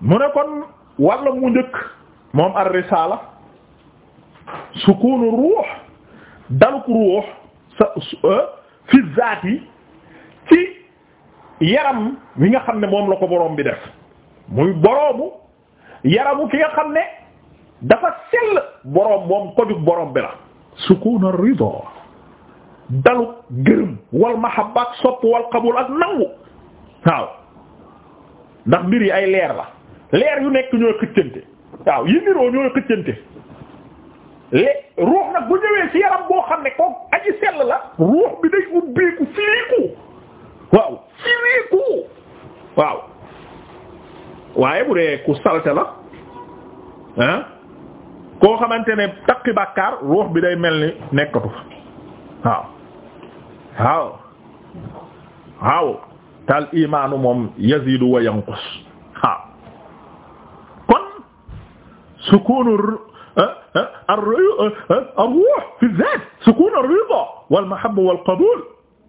mu ne kon walla mu njëkk moom ar-risaala sukuunu ruux daluk ruux sa euh, fi zaati ci yaram wi nga xam ne moom la ko boroom bi def muy boroomu yaramu ki nga xam ne dafa sell boroom moom kojug boroom bi la sukuunu rida daluk gërëm wal mahabba ak sopp wal qabul ak nangu waaw ndax mbir yi ay leer la leer yu nekk ñooy xëccante waaw yi niroo ñooy xëccante le ruux nag bu ñëwee ci yaram boo xam ne ko aji sell la ruux bi day ubbeeku firiiku waaw firiiku waaw waaye bu dee ku salte la ah koo xamante ne takki bàkkaar ruux bi day mel ni nekkatu fa waaw waaw waaw tal imaanu moom yazidu wa sukuunu ar-ruux fi zaat sukuunu ar-rida wal mahabba wal qabuul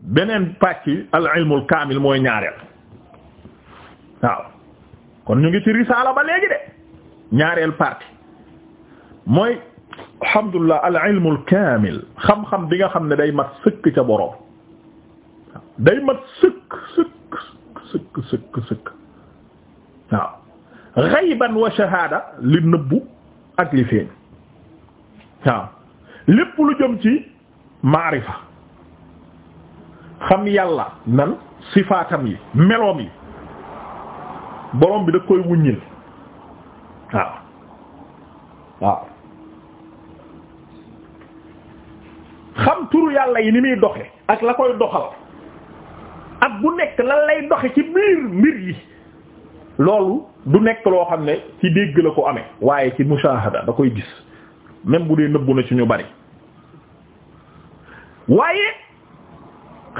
beneen pàcc al-ilmul kaamil mooy ñaareel waaw kon ñu ngi ci risaala ba léegi de ñaareel partie mooy alhamdulillah al-ilmul kaamil xam-xam bi nga xam ne day mat sëkk ca boroom day mat sëkk sëkk sëkk sëkk sëkk waaw ghayban wa shahaada li nëbbu ak li feeñ waaw lépp lu jëm ci maarifa xam yàlla nan sifaatam yi meloom yi borom bi da koy wuññil waaw waaw xam turu yàlla yi ni muy doxe ak la koy doxal ak bu nekk lan lay doxe ci biir mbir yi loolu du nekk loo xam ne ci dégg la ko amee waaye ci mushahada da koy gis même bu dee nëbbu na ci ñu bari waaye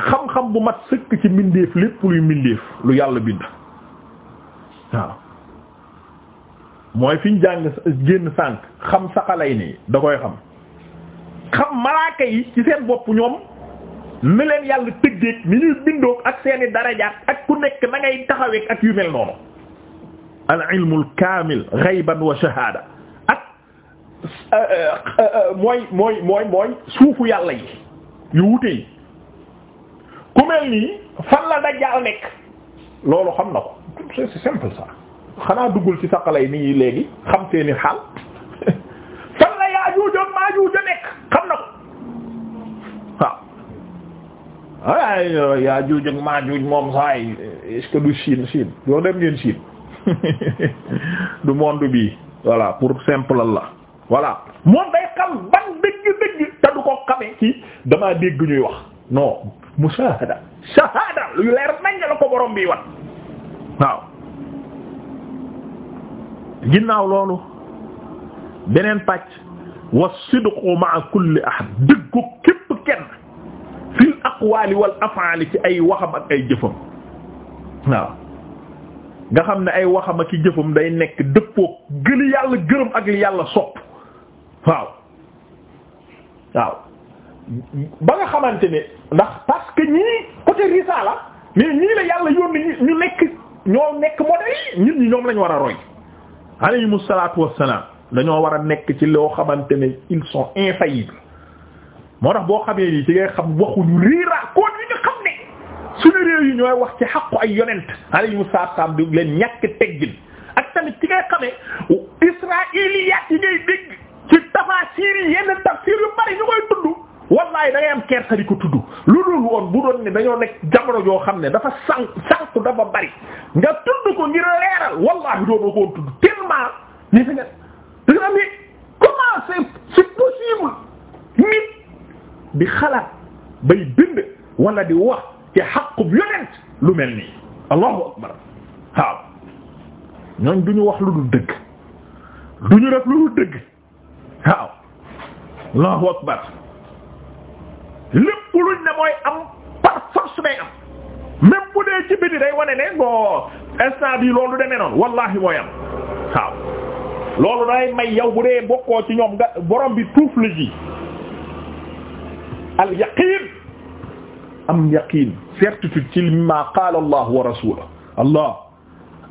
xam-xam bu mat sëkk ci mbindeef lépp luy mbindeef lu yàlla bind waaw mooy fi ñu génn sànk xam saxalay nii da koy xam xam malaaka yi ci seen bopp ñoom ni leen yàlla tëggeek ni ñuy bindoog ak seeni darajaat ak ku nekk na taxaweek ak yu mel noonu al ilmul kaamil ghayban wa shahaada ak euh, euh, euh, mooy mooy mooy mooy suufu yàlla yi yu wute yi ku mel nii fan la dajjaal nekk loolu xam na ko c'est simple duggul ci saqalay nii léegi xam seeni xaal fan la yaajuuj ak maajuuj nekk xam na ko waaw ay yaajuuj ak maajuuj moom saay est-ce que du Chine Chine doo dem ngeen du monde bi voilà pour simple la voilà moom day xam ban dëgg-dëgg te du ko xamee ci damaa dégg ñuy wax non mushahada shahada lu leer nañ la ko borom bi wat waaw ginnaaw loolu beneen pàcc wa sidqu ma'a kulli ahad dëggu képp kenn fil aqwali wal af'ali ci ay waxam ak ay jëfam waaw nga xam ne ay waxam ak jëfam day nekk dëppook gëli yàlla gërëm ak yàlla sopp waaw waaw ba nga xamante ne ndax parce que ñii côté risaala mais ñii la yàlla yónni ñu nekk ñoo nekk modèle yi ñun ñi ñoom lañu war a roy alayhimu wassalaam dañoo war a nekk ci loo xamante ne ils sont infaillibles moo tax boo xamee nii ci ngay xam waxuñu riira suñu réew yi ñooy wax ci xaqu ay yonent alayhimu salaam di leen ñàkk teggin ak tamit ci ngay xamee israiliyaat yi ngay dégg ci tafasiir yi yenn tafsiir yu bari ñu koy tudd wallahi da am kersa di ko tudd lu dul woon bu doon ne dañoo nekk jamono joo xam ne dafa sànq sànq dafa bari nga tudd ko ngir leeral wallahi doonoo ko tudd tellement ni fi nga danga am ni comment c'est c'est possible nit di xalaat bay bind wala di wax ci xaqub yonent lu mel nii allahu akbar waaw ñoom du ñu wax lu dul dëgg du ñu def lu dul dëgg waaw allahu akbar lépp luñ ne mooy am par force day am même bu dee ci biti day wane ne boo instant bi loolu demee noonu wallahi mooy am waaw loolu day may yow bu dee bokkoo ci ñoom nga borom bi tuuf la ji al am yaqiin certitude ci ma qaala allah wa rasuluhu allah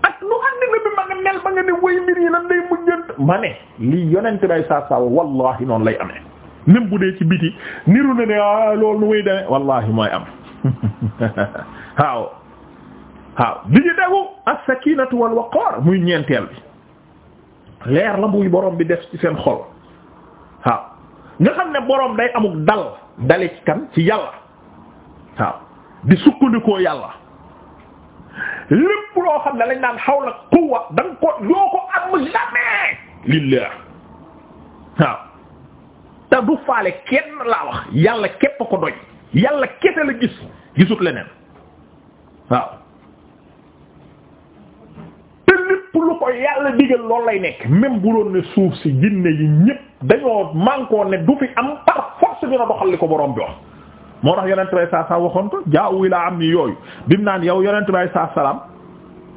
ak lu àddina bi ma nga mel ma nga ne way mbir yi lan day mujjant ma ne lii yonent bay saa wallahi noonu lay amee même bu dee ci biti ni na ne a ah, loolu nu muy demee wallahi mooy am waaw waaw bi ñu degu ak sakinatu wal waqaar muy ñeenteel bi leer la muy borom bi def ci seen xol waaw nga xam ne borom day amuk dal dale ci kan ci yàlla waaw di sukkandikoo yàlla lépp loo xam ne lañ naan xawla quwwa da nga ko loo ko am jamais lillah waaw te du faale kenn laa wax yàlla képp ko doy yàlla kese la gis gisut leneen waaw te lépp lu ko yàlla digal loolu lay nekk même bu doon ne suuf si jinne yi ñépp dañoo mànkoo ne du fi am par force ne doxal li ko borom bi wax moo tax yonent bay saa saa waxoon ko jaawu ila am ni yooyu bi mu naan yow yonent bay saa salaam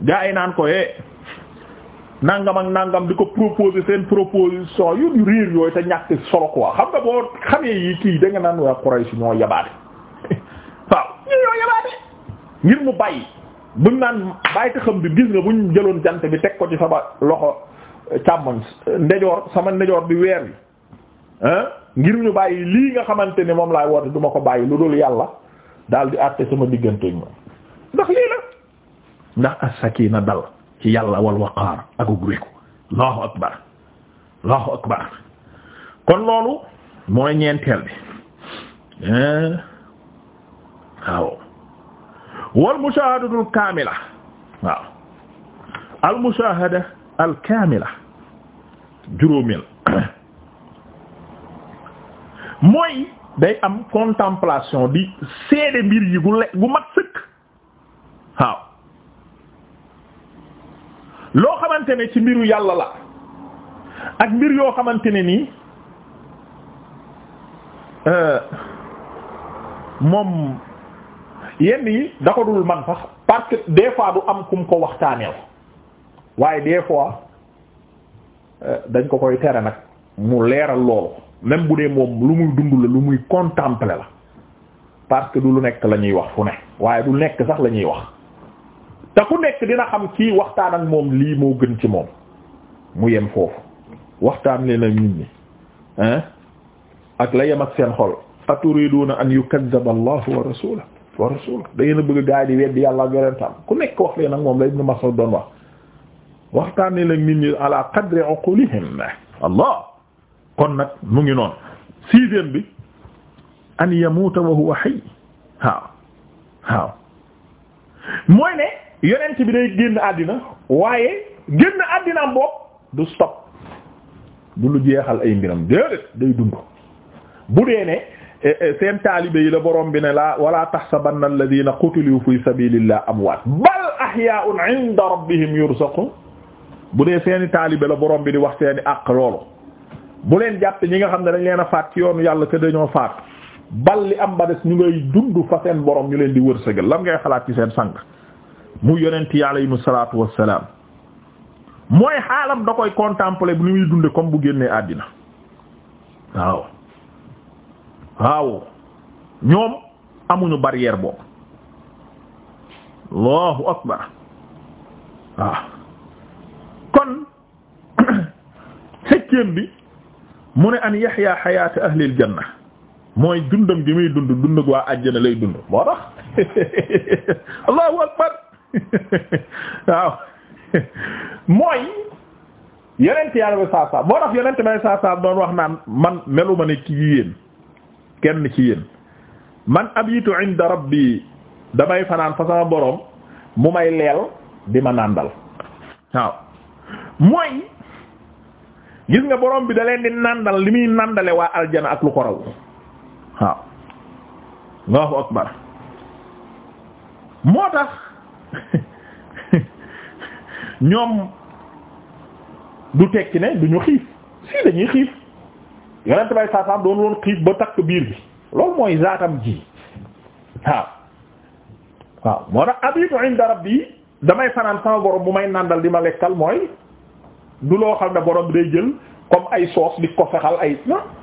gaa yi naan ko eh nangam ak di ko proposer seen proposition yu riir yooyu te ñàkk solo quoi xam nga boo xamee yi kii da naan waa Quraysh ñoo yabaate waaw ñii ñoo yabaate ngir mu bàyyi buñ naan bàyyi te bi gis nga buñ jëloon jant bi teg ko ci sama loxo càmmoñ ndejoor sama ndejoor bi weer wi ngir ñu bàyyi lii nga xamante ni moom laay woote du ma ko bàyyi lu dul yàlla daal di àtte sama digganteeg moom ndax lii la ndax as-sakina dal ci yàlla wal waqaar ak ugreeku allahu akbar allahu akbar kon loolu mooy ñeenteel bi waaw wal mushahadatu al kaamila waaw al mushahada al kaamila juróomeel mooy day am contemplation di seede mbir yi gu le- gu mat sëkk waaw loo xamante ne ci mbiru yàlla la ak mbir yoo xamante ne nii euh, moom yenn yi da ko dul man sax parce que des fois du am kum ko waxtaaneel waaye des fois euh, dañ ko koy tere nag mu leeral loolu même bu dee moom lu muy dund la lu muy contempler la parce que du lu nekk la ñuy wax fu ne waaye du nekk sax la ñuy wax te ku nekk dina xam kii waxtaan ak moom lii moo gën ci moom mu yem foofu waxtaan leen ak nit ak la yem ak seen xol aturiduna an yukazzaba allahu wa rasuluhu wa rasuluhu da ngeen bëgg gaay di weddi yàlla ak yonentam ku nekk wax leen ak moom la Ibn Mas'ud doon wax waxtaan leen ak nit ñi ala qadri uqulihim allah kon nag mu ngi noonu sixième bi an yamuuta wa huwa hayy waaw waaw mooy ne yonent bi day génn àddina waaye génn àddina am du stop du lu jeexal ay mbiram déedéet day dund bu dee ne eh, eh, seen taalibe yi la borom bi ne laa wala tahsabanna alladhina qutilu fi sabilillah amwaat bal ahyaa'un 'inda rabbihim yurzaqun bu dee seeni taalibe la borom bi di wax seeni àq loolu bu leen jàpp ñi nga xam ne dañ leen a faat ci yoonu yàlla que dañoo faat bal li am ba des ñu ngay dund fa seen borom ñu leen di wërsëgal lan ngay xalaat ci seen sang mu yonent yi alayhimu salaatu wassalaam mooy xaalam da koy contempler bu ni muy dunde comme bu génnee àddina waaw waaw ñoom amuñu barrière boobu allahu akbar waaw kon septième bi mu ne an yaxya xayaata ahlil janna mooy dundam gi muy dund dund waa àjjana lay dund moo tax allahu akbar waaw mooy yonent yàlla ba saa saa moo tax yonent bay saa saa doon wax naan man meluma ne ci yéen kenn ci yéen man abitu inda rabbi damay fanaan fa sama boroom mu may leel di ma nàndal waaw mooy gis nga borom bi da leen di nàndal li muy nàndale waa aljana ak lu ko raw waaw Allahu akbar moo tax ñoom du tekki ne duñu xiif si dañuy xiif yonent bay saasaam doon loon xiif ba takk biir bi loolu mooy zaatam ji waaw waaw moo tax abitu inda rabbi damay fanaan sama borom bu may nàndal di ma lekkal mooy du loo xam ne boroom bi day jël comme ay soos di ko fexal ay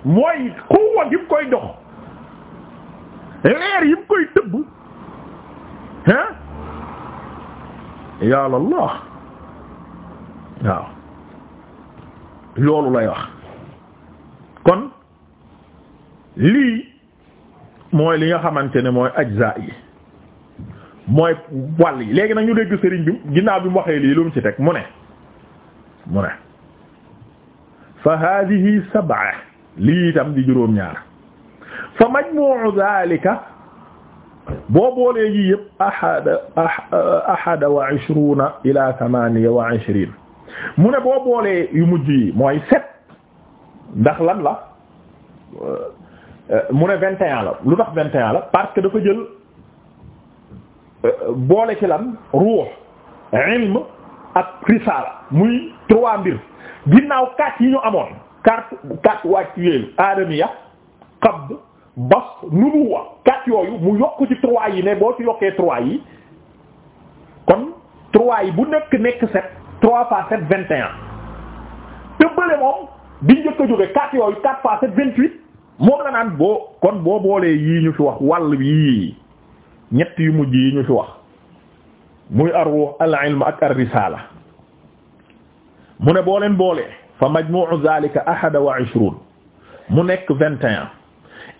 mooy xuwa gi koy jox leer yi mu koy tëbb ah yàlla la waaw loolu lay wax kon lii mooy li nga xamante ne mooy ajza yi mooy wàll yi léegi nag ñu dégg sëriñ bi ginnaaw bi mu waxee lii lu mu ci teg mu ne mu ne fa hadihi sab'a lii di juróom-ñaar fa majmu'u dhalika boo boolee yi yëpp ahada ah, ahada mu ne boo boolee yu mujj yi mooy set ndax lan la mu ne vingt et un la lu tax vingt et un la parce que dafa jël euh, boole ci lan ruux ilm ak risaala muy trois mbir ginnaaw carte yi ñu amoon carte carte wàcc yooyu aadamiya qabd bas nubuwa carte yooyu mu yokk ci trois yi ne boo ci yokkee trois yi kon trois yi bu nekk nekk sept trois fois sept vingt et un te bële moom biñ njëkk a jóge quatre yooyu quatre fois sept vingt huit moom la naan boo kon boo boolee yi ñu fi wax wàll yii ñett yu mujj yi ñu fi wax muy arruux al ilm ak ar risaala mu ne boo leen boolee fa majmu'u zalika ahada wa ishrun mu nekk vingt et un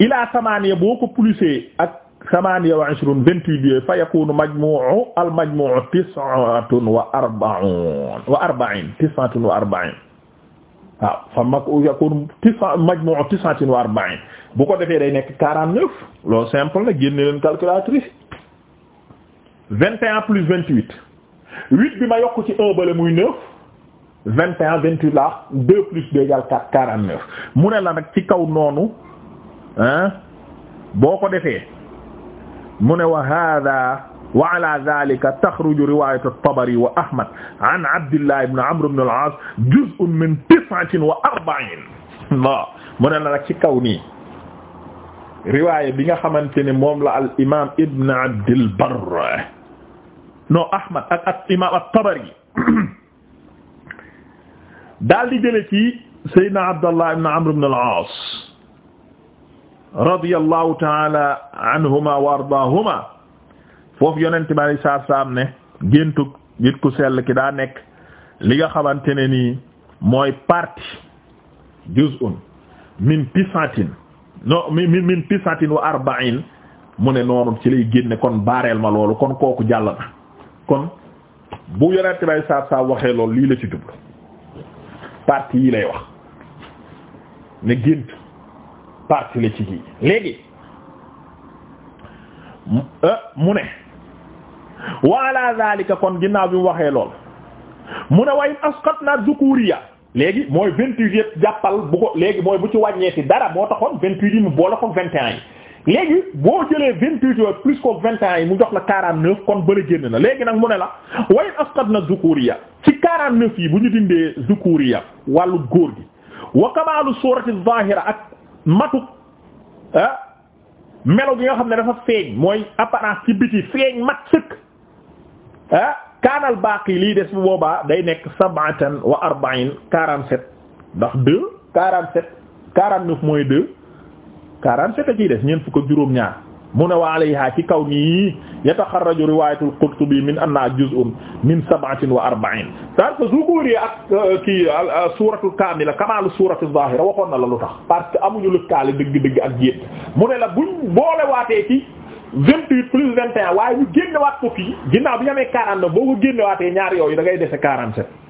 ila samaniya boo ko plusé ak samaniya wa ishrun vingt-huit yooyu fa yakunu majmu'u al majmu'u tis'atun wa arba'un wa arba'in tis'atun wa arba'in waaw fa mag bu ko defee day nekk quarante-neuf loolu simple la calculatrice vingt et plus vingt huit huit bi ma yokk ci un bale muy neuf vingt et vingt huit la deux plus deux égale quatre neuf mu ne la nag ci kaw noonu ah boo ko defee mu ne wa hada wa ala zalika taxruju riwayatu at-Tabari wa Ahmad an Abdillah ibn Amr ibn al-As juz'un min tis'atin wa arba'in mu ne la nag ci kaw nii riwaaya bi nga xamante ne moom la al imam Ibn non Ahmad ak ak imaam at-Tabari daal di jële ci Seydina Abdallah ibn Amr ibn al-Aas radiyallahu ta'ala anhuma wa ardaahuma foofu yonent bi alayhi salaatu salaam ne géntug nit ku sell ki daa nekk li nga xamante ne nii mooy partie juz'un min tisatin no min min tisatin wa arba'in mu ne noonu ci lay génne kon baareel ma loolu kon kooku jàll na kon bu yonent bay saab saab waxee lool lii la ci jublu partie yi lay wax ne gént partie la ci gi léegi euh, mu ne wa ala zalika kon ginnaaw bi mu waxee lool mu ne way asqatna dhukuriya léegi mooy vingt-huit yëpp jàppal bu ko léegi mooy bu ci wàññeeti dara moo taxoon vingt-huit yi mu boole ko vingt et yi léegi boo jëlee vingt-huit yooyu plus ko vingt ans yi mu jox la quarante-neuf kon bële génn na léegi nag mu ne la wayen askat na zukuriya ci quarante-neuf yi bu ñu dindee zukuriya wàllu góor gi wa kamaalu surati zahira ak matuk ah, melo gi nga xam ne dafa feeñ mooy apparence ci biti feeñ mat sëkk ah kaanal baaqi lii des bu boobaa day nekk sab'atan wa arba'in quarante-sept ndax deux quarante-sept quarante-neuf mooy deux quarante-sept a ciy des ñeent fukk ak juróom-ñaar mu ne wa alayha ci kaw nii yataxarraju riwaayatul Qurtubi min anna juz'un min sab'atin wa arba'in parce que zuhuri ak euh, kii euh, suuratul kaamila kamaalu suuratul zaahira waxoon na la lu tax. parce que amuñu lëkkaale dëgg-dëgg ak jéem mu ne la buñ boolewaatee ci vingt-huit plus vingt et un waaye ñu génnewaat ko fii ginnaaw bi ñu amee quarante-neuf boo ko génnewaatee ñaar yooyu da ngay dese quarante-sept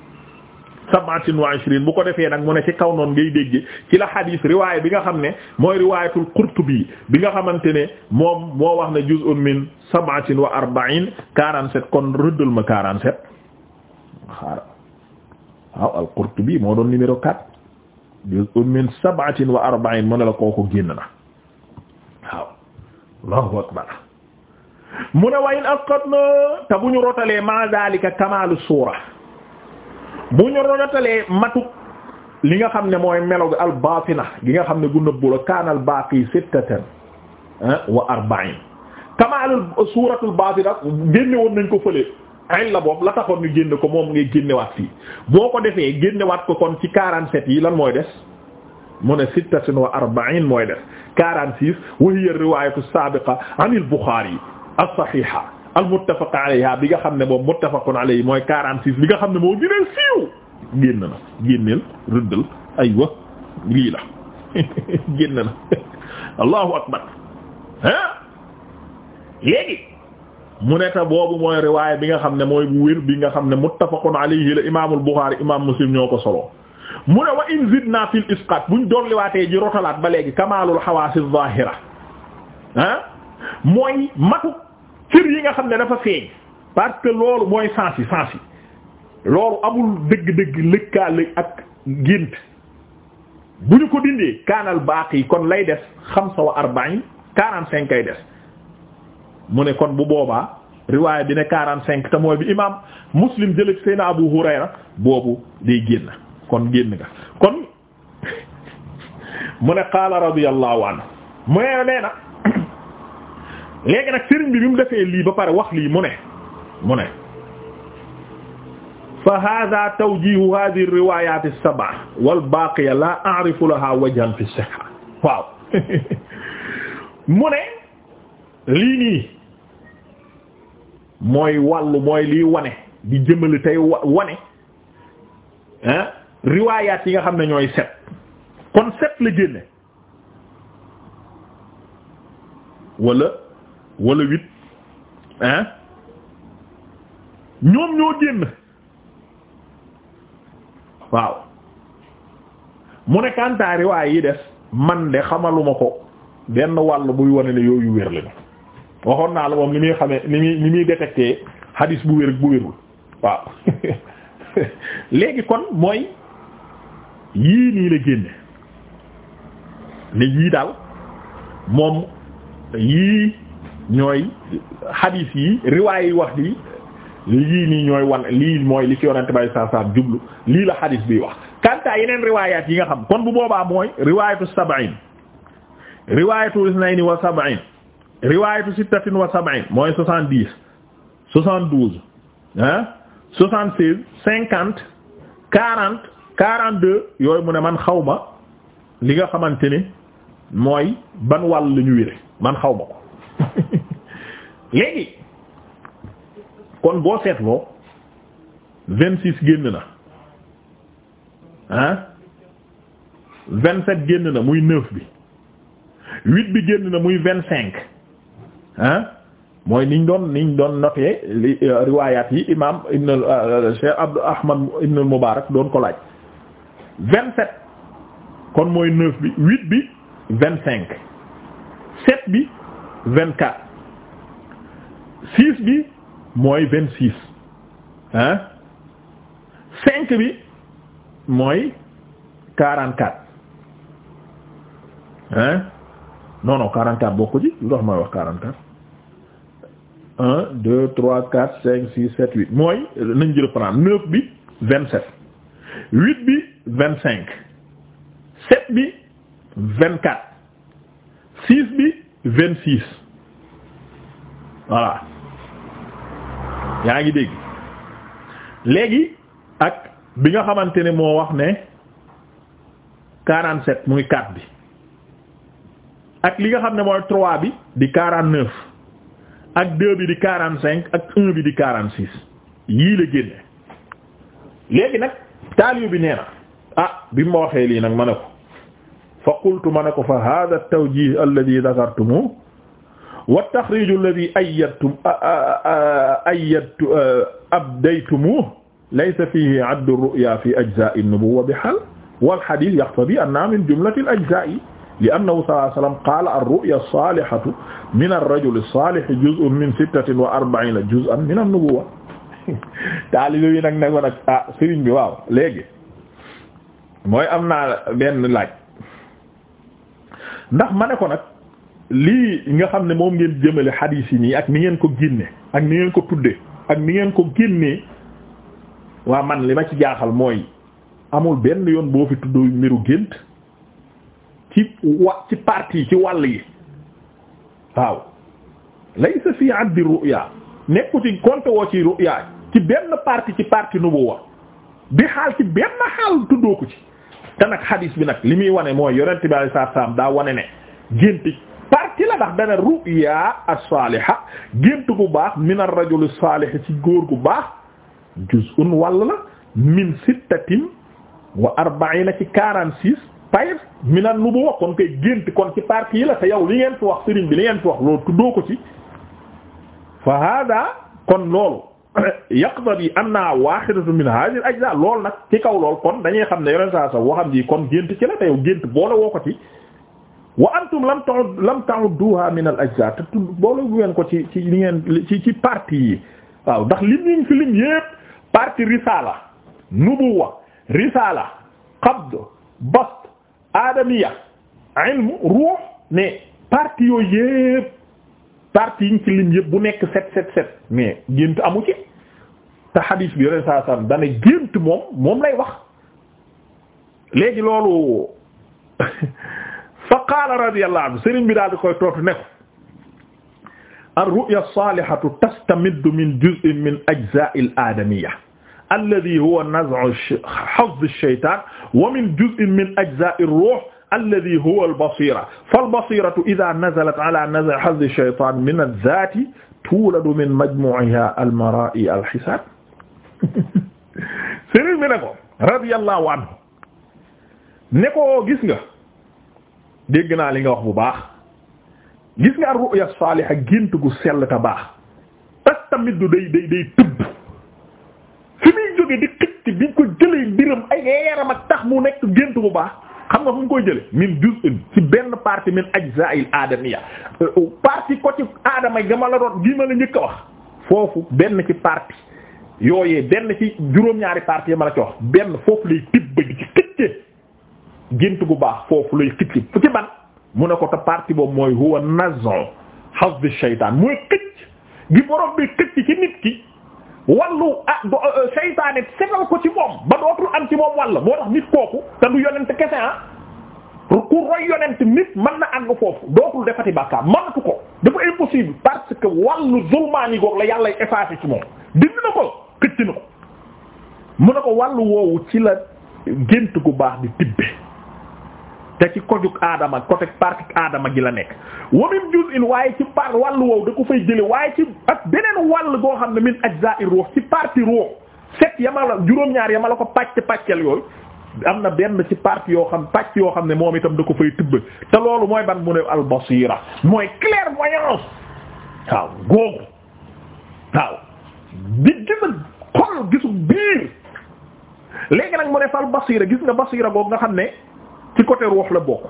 sab'atin wa ishrin bu ko defee nag mu ne ci kaw noonu ngay dégg ci la xadis riwaay bi nga xam ne mooy riwaayatul qurtubi bi nga xamante ne moom moo wax ne juz'un min sab'atin wa arba'in 47 kon rëddal ma 47 xaaral waaw al qurtubi moo doon numéro 4 juz'un min sab'atin mu ne la kooku génn na waaw allahu akbar te bu ñu rotalee ma zalika kamaalu suura bu ñu rojotalee matu li nga xam ne mooy melo gi al baatina gi nga xam ne gu nëbbu la kaanal baaqi sittatan ah, wa arba'in kamaalul suuratul baatina génne woon nañ ko fële ay la boobu la taxoon ñu génne ko moom ngay génnewaat fii boo ko defee génnewaat ko kon ci quarante-sept yi lan mooy des mu ne sittatin wa arba'in mooy des quarante-six wa hiya riwaayatu saabiqa an al Buxaari as-saxiixa al muttafaq alayha bi nga xam ne moom muttafaqun alayhi mooy 46 bi nga xam ne moo gën a siiw génn na génneel rëddal aywa lii la génn na allahu akbar ah léegi mu ne boobu mooy riwaaya bi nga xam ne mooy bu wér bi nga xam ne muttafaqun alayhi la imaamul buxaari imaam muslim ñoo ko solo mu ne wa in zidna fil isqaat buñ dolliwaatee ji rotalaat ba léegi kamaalul xawaasi zaahira ah mooy matu cër yi nga xam ne dafa feeñ parce que loolu mooy sens yi sens yi loolu amul dëgg-dëgg lëkkaale ak gént bu ñu ko dindee kaanal baax yi kon lay des xamsa wa arba'in quarante cinq ay des mu ne kon bu boobaa riwaaya bi ne quarante cinq te mooy bi imaam muslim jëlëg seyna abu hurayra boobu day génn kon génn nga kon mu ne qaala radiyallahu anhu mu ne nee na léegi nag sëriñ bi bi mu defee lii ba pare wax lii mu ne mu ne fa hada tawjihu hadhihi riwayat as-sab'a wal baqiya la a'rifu laha fi as waaw mu ne lii nii mooy wàllu mooy liy wane di jëmale tey wane ah riwaayaat yi nga xam ne ñooy set kon set la génne wala wala huit hein ñoom ñoo génn waaw mu ne kantaari waaye yi des man de xamaluma ko benn wàll buy wane ne yooyu wér lañu waxoon naa la moom li muy xamee li muy li muy détecté hadis bu wér bu wérul waaw léegi kon mooy yii nii la génne ne yii daal moom yii ñooy xadiis yi riwaay yi wax di lii nii ñooy wan lii mooy li ci yonente bay saa saa jublu lii la xadiis biy wax kanta yeneen riwaayaat yi nga xam kon bu boobaa mooy riwaayatu sab'in riwaayatu isnayni wa sab'in riwaayatu sittatin wa sab'in mooy soixante dix soixante douze ah soixante seize cinquante quarante quarante deux yooyu mu ne man xaw ma li nga xamante ni mooy ban wàll la ñu wére man xaw ma ko léegi kon boo seetloo vingt six génn na ah vingt sept génn na muy neuf bi huit bi génn na muy vingt cinq ah mooy niñ doon niñ doon noté li euh, riwaayaat yi imaam ibn euh, Cheikh Abdou Ahmad ibn Mubarak doon ko laaj vingt sept kon mooy neuf bi huit bi vingt cinq sept bi vingt quatre six bi mooy vingt six hein cinq bi mooy quarante quatre hein non non quarante quatre bokku ci lu tax mooy wax quarante quatre un deux trois quatre cinq six sept huit mooy nañ jël prendre neuf bi vingt sept huit bi vingt cinq sept bi vingt quatre six bi vingt six voilà yaa ngi dégg léegi ak bi nga xamante ne moo wax ne quarante sept muy quatre bi ak li nga xam ne mooy trois bi di quarante neuf ak deux bi di quarante cinq ak un bi di quarante six yii la génne léegi nag taaliyu bi nee ah bi mu ma waxee lii nag ma ne ko fa qultu ma ne ko fa hadha at-tawjih alladhi dhakartumu wa taxriju alladi ayyadtum ayyadtu abdaytumuhu laysa fiihi addu ru'ya fi ajzaa'i nubuwwa bi hal wal hadiis yaqtadii annahaa min jumlati al ajzaa'i li annahu sallallaahu alayhi wa sallam qaala ar-ru'ya as-saalihatu min ar-rajuli as-saalihi juz'un min sittatin wa arba'iina juz'an min an-nubuwwa taalibe bi nag ne ko nag ah sëriñ bi waaw léegi mooy am naa benn laaj ndax ma ne ko nag. lii nga xam ne moom ngeen jëmale xadiis yi nii ak ni ngeen ko génne ak ni ngeen ko tudde ak ni ngeen ko génnee waa man li ma ci jaaxal mooy amul benn yoon boo fi tudd mbiru gént ci wa ci partie ci wàll yi waaw laysa fii abdi ru'ya nekku ci compte woo ci ru'ya ci benn partie ci partie nubuwa bi xaal ci benn xaal tuddoo ko ci te nag xadiis bi nag li muy wane mooy yonent bi sallallahu alayhi wasallam daa wane ne gént ci la ndax dana ru'ya as-saliha gént gu baax min ar-rajul as-salih ci góor gu baax juz'un wàll la min sittatin wa arba'ina ci quarante six payes min an-nubuwwa kon koy gént kon ci partie yi la te yow li ngeen fi wax sëriñ bi li ngeen fi wax loolu tuddoo ko ci fa hada kon loolu yaqtadi anna wahidatun min hadhihi al-ajza loolu nag ci kaw lool kon dañuy xam ne yoneen saa sa waxam ji kon gént ci la te yow gént boole woo ko ci wa antum lam ta'ud lam ta'udduha min al ajza te tu ko ci ci li ngeen ci ci partie yi waaw ndax lim ñu fi lim yépp partie risala nubuwa risala qabd bast adamiya ilm ruux mais partie yooyu yépp partie yi ñu ci lim yépp bu nekk set set set mais gént amu ci te xadiis bi yoneen saa gént moom moom lay wax léegi loolu fa qaala radiyallahu anhu sëriñ bi daal di koy tootu ne ko ar-ru'ya as-salihatu tastamiddu min juz'in min ajza'il aadamiyya alladhi huwa naz'u hazz ash-shaytan wa min juz'in min ajza'ir ruh alladhi huwa al-basira fal-basiratu idha nazalat ala naz'i hazz ash-shaytan min adh-dhati tuuladu min majmu'iha al-mara'i al-hisab sëriñ bi ne ko radiyallahu anhu ne ko gis nga dégg naa li nga wax bu baax gis nga ar-ru'ya saaliha gént gu sell te baax tas tamit du day day day tëbb fi muy jóge di xëcc bi ko jëlee mbiram ay yaram ak tax mu nekk gént bu baax xam nga fu ñu koy jële min juz'in ci benn partie min ajza'il aadamiya euh, euh, partie ko ci aadama yi ma la doon gi ma la njëkk a wax foofu benn ci partie yooyee benn ci juróom-ñaari partie yi ma la ci wax benn foofu lay tibb di ci xëccee gént gu baax foofu lay xicc fu ci ban mu ne ko te partie boobu mooy huwa nazon hasbi shaytaan mooy xëcc gi borom bi xëcc ci nit ki wallu ah, euh, shaytaane setal ko ci moom ba dootul am ci moom walla moo tax nit kooku te du yonent kese ah ku roy yonent nit mën na àgg foofu dootul defati bàkkaar mënatu ko dafa impossible parce que wàllu zulmaani goog la yàlla effacé ci moom dindi na ko xëcc na ko mu ne ko wàllu woowu ci la gént gu baax di tibbe te ci kojuk aadama côté partie aadama gi la nekk wamin juz'in waaye ci par wàll woowu da ko fay jële waaye ci ak beneen wàll goo xam ne min ajza'i ruux ci partie ruux set yamala juróom-ñaar yamala ko pàcc pàccal yooyu am na benn ci partie yoo xam pàcc yoo xam ne moom itam da ko fay tibb te loolu mooy ban mu ne al basira mooy clairvoyance waaw googu waaw di gisa xol gisu biir léegi nag mu ne fa al basira gis nga basira googu nga xam ne ci côté ruux la bokk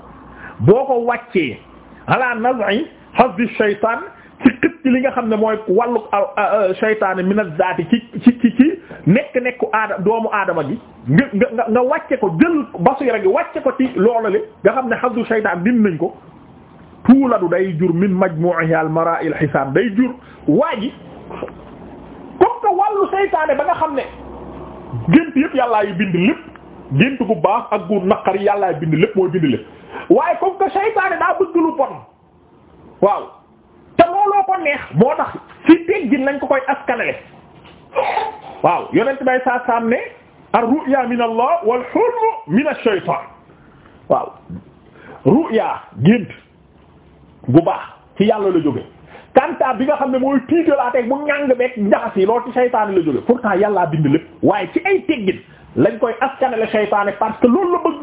boo ko wàccee ala naz'i hazzi shaytaan ci xit li nga xam ne mooy wàllu shaytaan min az-zaati ci ci nekk nekku doomu aadama gi nga nga nga wàcce ko jël basira gi wàcce ko ci loola le nga xam ne hazzu shaytaan din nañ ko tuuladu day jur min majmu'ihi al-maraa'il hisaab day jur waa ji comme que wàllu ba nga xam ne gént yëpp yàllaa yu bind lépp gént bu baax ak gu naqari yàllaay bind lépp mooy bind lépp waaye comme que saytaane daa bëgg lu bon waaw te looloo ko neex boo tax ci teggin lañ ko koy askanale waaw yonent bay saa saam ne ar-ru'ya min Allah wal hulm min ash-shaytan waaw ru'ya gént gu baax ci yàlla la jóge kanta bi nga xam ne mooy tiitalaate bu ñàng beeg njaxas yi loolu ci saytaane la jóge pourtant yàllaa bind lépp waaye ci ay teggin lañ koy askanale seytaane parce que loolu la bëgg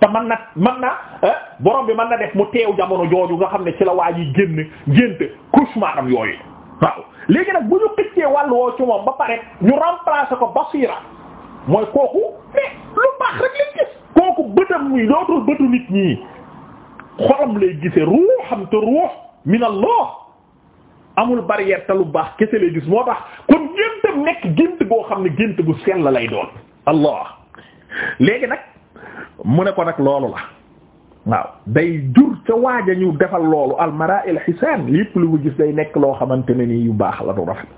te man na man na eh, borom bi mën na def mu teew jamono jooju nga xam ne ci la waa ji génn gént cauchemar am yooyu waaw léegi nag bu ñu xëccee wàll woo ci moom ba pare ñu remplacer ko basira mooy kooku mais eh, lu baax rek lañ gis kooku bëtam muy dootul bëtu nit ñi xolam lay gise ruuxam te ruux min Allah amul barrière te lu baax kese lay gis moo tax kon géntam nekk gént boo xam ne gént bu sell lay doon allah léegi nag mu ne ko nag loolu la waaw day jur ca waaja ñu defal loolu almara il xisan lépp lu mu gis day nekk loo xamante ne nii yu baax la du rafet